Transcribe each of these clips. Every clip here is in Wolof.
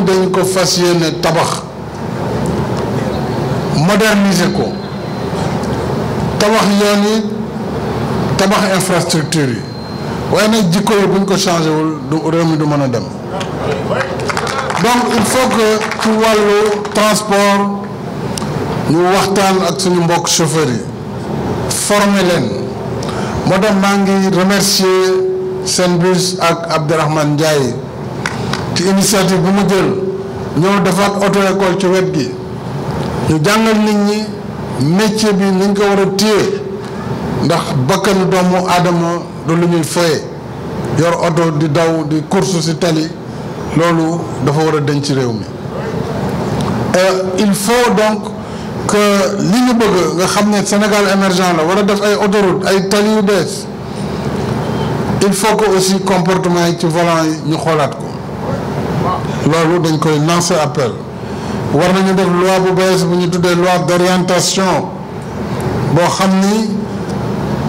dañ ko fas yéene tabax moderniser ko tabax yoon tabax infrastructure yi waaye nag jikko buñ ko changé wul du mën a dem donc il faut que ci wàllu transport ñu waxtaan ak suñu mbokk chauffeurs yi former leen moo tax maa ngi remercier Senbus ak Abdourahmane Ndiaye ci initiative bu mu jël ñoo defaat auto école ci wet gi ñu jàngal nit ñi métier bi niñ ko war a téye ndax bakkanu doomu aadama du lu ñuy foye yor auto di daw di course ci tali loolu dafa war a denc réew mi euh, il faut donc que li ñu bëgg nga xam ne Sénégal émergent la war a def ay autoroute ay tali yu bees il faut que aussi comportement yi ci volant yi ñu xoolaat ko loolu dañ koy lancer appel war nañu def loi bu bees bu ñu tuddee loi d'orientation boo xam ni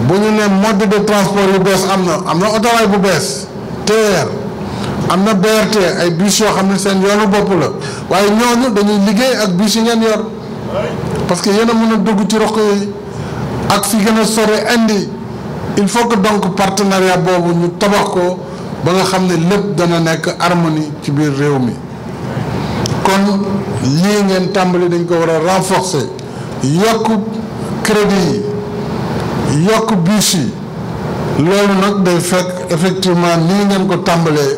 bu ñu ne mode de transport yu bees am na am na autorail bu bees TER am na BRT ay bus yoo xam ne seen yoonu bopp la waaye ñooñu dañuy liggéey ak bus yi ngeen yor parce que yéen a mën a dugg ci roq yi ak fi gën a sore indi il faut que donc partenariat boobu ñu tabax ko. ba nga xam ne lépp dana nekk harmonie ci biir réew mi kon lii ngeen tàmbali dañ ko war a renforcer yokk crédit yi yokk bus yi loolu nag day fekk effectivement nii ngeen ko tàmbalee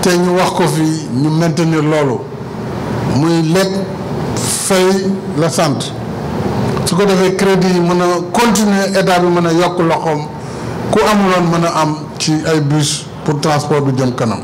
te ñu wax ko fi ñu maintenir loolu muy lekk fay la sant su ko defee crédit yi mën a continuer état bi mën a yokk loxoom ku amuloon mën a am ci ay bus pour transport bi jëm kanam